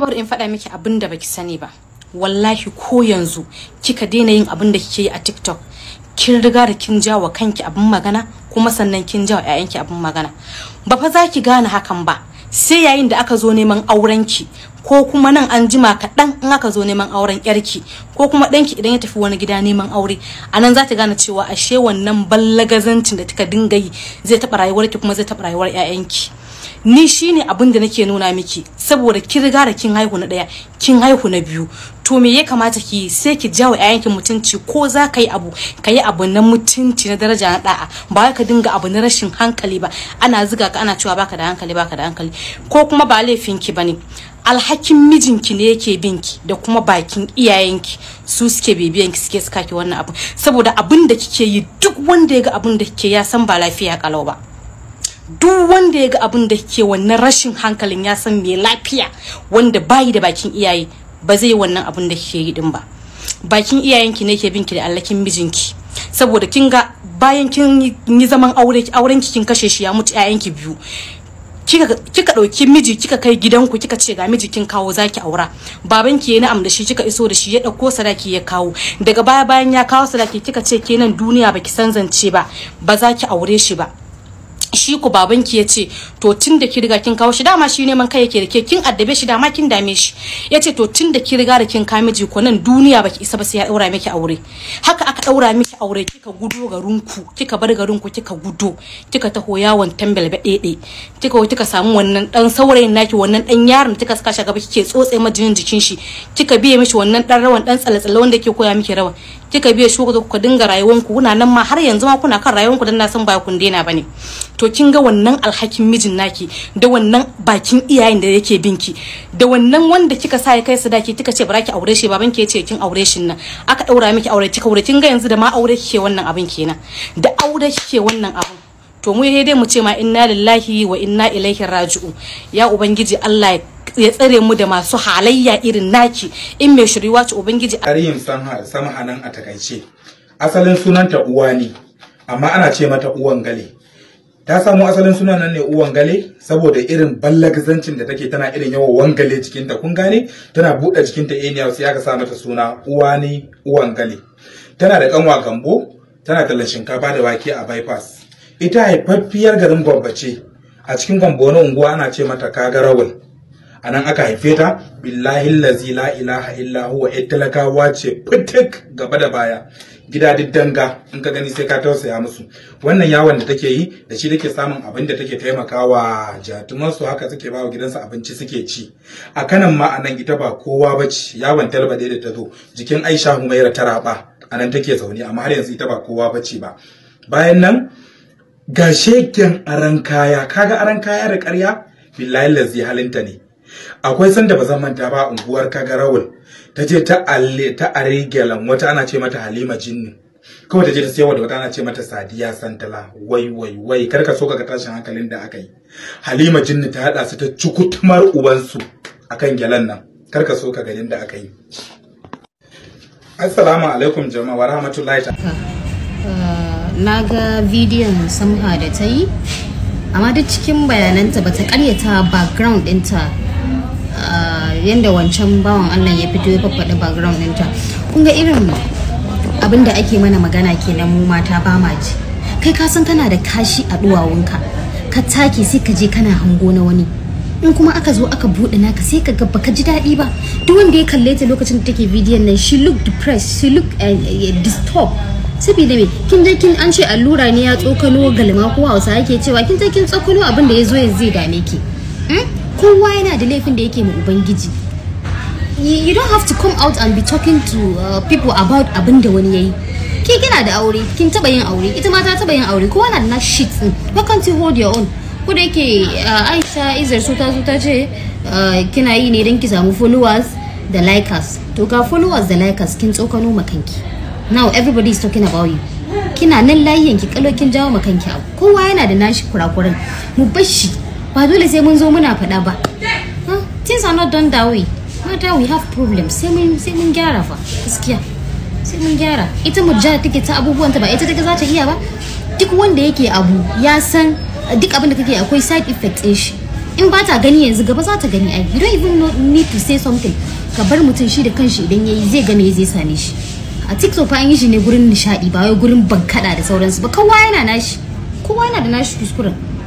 bari in faɗa miki abin da baki sani ba wallahi ko yanzu kika daina yin abin da kike yi a tiktok kin riga da kin jawa kanki abin magana kuma sannan kin jawa 'ya'yanki abin magana ba fa za ki gane hakan ba sai yayin da aka zo neman aurenki ko kuma nan an jima kaɗan in aka zo neman auren yarki ko kuma ɗanki idan ya tafi wani gida neman aure anan nan za ta gane cewa ashe wannan ballagazancin da kika dinga yi zai taɓa rayuwarki kuma zai taɓa rayuwar 'ya'yanki. ni shine abin da nake nuna miki saboda kin riga da kin haihu na daya kin haihu na biyu to me ya kamata ki sai ki jawo yayanki mutunci ko za ka yi abu ka yi abu na mutunci na daraja na da'a ba ka dinga abu na rashin hankali ba ana ziga ka ana cewa baka da hankali baka da hankali ko kuma ba laifin ki bane alhakin mijinki ne yake binki da kuma bakin iyayenki su suke bibiyanki suke suka ki wannan abu saboda abin da kike yi duk wanda ya ga abin da kike ya san ba lafiya kalau ba duk wanda ya ga abin da ke wannan rashin hankalin ya san mai lafiya wanda bayi da bakin iyaye ba zai wannan abin da ke yi din ba bakin iyayenki ne ke binki da allakin mijinki saboda kin ga bayan kin yi zaman aure auren ki kin kashe shi ya mutu ki biyu kika kika dauki miji kika kai gidanku kika ce ga miji kin kawo zaki aura baban ki na da shi kika iso da shi ya dauko sadaki ya kawo daga baya bayan ya kawo sadaki kika ce kenan duniya baki san zance ba ba za ki aure shi ba shi ku babanki ya ce to tun da ki riga kin kawo shi dama shi neman kai yake da ke kin addabe shi dama kin dame shi yace to tun da ki da kin kawo miji ko nan duniya baki isa ba sai ya daura miki aure haka aka daura miki aure kika gudo garinku kika bar ku kika gudo kika taho yawon tambal ba dede kika kika samu wannan dan saurayin naki wannan dan yaron kika saka shi gaba kike tsotse majinin jikin shi kika biye mishi wannan dan rawan dan tsalatsala wanda ke koya miki rawan kika biya shi kuka dinga rayuwanku kuna nan ma har yanzu ma kuna kan rayuwanku dan na san ba kun daina bane to kin ga wannan alhakin mijin naki da wannan bakin iyayen da yake binki da wannan wanda kika sa ya kai su daki kika ce baraki ki aure shi baban ke ce kin aure shi nan aka daura miki aure kika aure kin ga yanzu da ma aure kike wannan abin kenan da aure kike wannan abin to mu dai mu ce ma inna lillahi wa inna ilaihi raji'u ya ubangiji Allah ya tsare mu da masu halayya irin naki in mai shiriwa ce ubangiji tarihin samha nan a takaice asalin sunanta uwa ne amma ana ce mata uwan gale ta samu asalin sunan nan ne uwan gale saboda irin ballagzancin da take tana irin yawan wangale ta kun gane tana buɗe ta eniya sai aka sa mata suna uwa ne uwan gale tana da kanwa gambo tana tallan shinkafa da wake a bypass ita haifaffiyar garin gwambace a cikin gambo na unguwa ana ce mata kagarawal anan aka haife ta billahi lazi la ilaha illa huwa talakawa ce fitik gaba da baya gida danga in ka gani sai ka tausaya musu wannan yawon da take yi da shi take samun abin da take taimakawa jatuman su haka suke bawa gidansa abinci suke ci a kanan ma anan ita ba kowa ba ce, yawon talba da ta zo jikin Aisha Humaira ta raba anan take zaune amma har yanzu ita ba kowa ba ce ba bayan nan ga sheken aran kaya kaga aran kaya da ƙarya billahi lazi halinta ne akwai sanda ba zan manta ba unguwar kagarawul ta je ta alle ta arigelan wata ana ce mata halima jinni kawai ta je ta sayarwa da wata ana ce mata sadiya santala wai wai wai kar ka so ka tashin hankalin da aka yi halima jinni ta hada su ta cukutumar ubansu akan gelan nan kar ka so ka ganin da aka yi assalamu alaikum jama'a wa rahmatullahi ta ah, ah, na ga bidiyon samha da ta yi amma duk cikin bayananta ba ta karyata background ɗinta Ah, yanda wancan bawan Allah ya fito ya faɗaɗa background ɗinta kun ga irin abin da ake mana magana kenan mu mata ba ma ji kai ka san kana da kashi a duwawunka ka take sai ka je kana hango na wani in kuma aka zo aka buɗe naka sai ka gaba ka ji daɗi ba duk wanda ya kalle ta lokacin da take bidiyon nan she look depressed she look eh, eh, disturbed Sabida me kin je kin an ce allura ne ya tsokalo galma ko hausa yake cewa kin je kin tsokalo abin da ya zo yanzu zai dame ki hmm? kowa yana da laifin da yake ma ubangiji you don't have to come out and be talking to uh, people about abin da wani yayi ke kina da aure kin taba yin aure ita ma ta taba yin aure kowa na da na shit din why can't you hold your own ko da yake uh, Aisha Izar so ta zo ta ce uh, kina yi ne don ki samu followers da likers to ga followers da likers kin tsokano makanki now everybody is talking about you kina nan layyan ki kalo kin jawo makanki abu kowa yana da nashi kurakuran mu bashi ba dole sai mun zo muna faɗa ba things are not done that way mata we have problems sai mun sai mun gyara fa gaskiya sai mun gyara ita mujja take ta abubuwanta ba ita take za ta iya ba duk wanda yake abu ya san duk abin da kake akwai side effect din shi in ba ta gani yanzu gaba za ta gani ai you don't even know, need to say something ka bar mutum shi da kanshi idan yayi zai gane zai same shi a tiktok fa an yi shi ne gurin nishadi ba wai gurin bankada da sauransu ba kowa yana nashi kowa yana da nashi kuskuren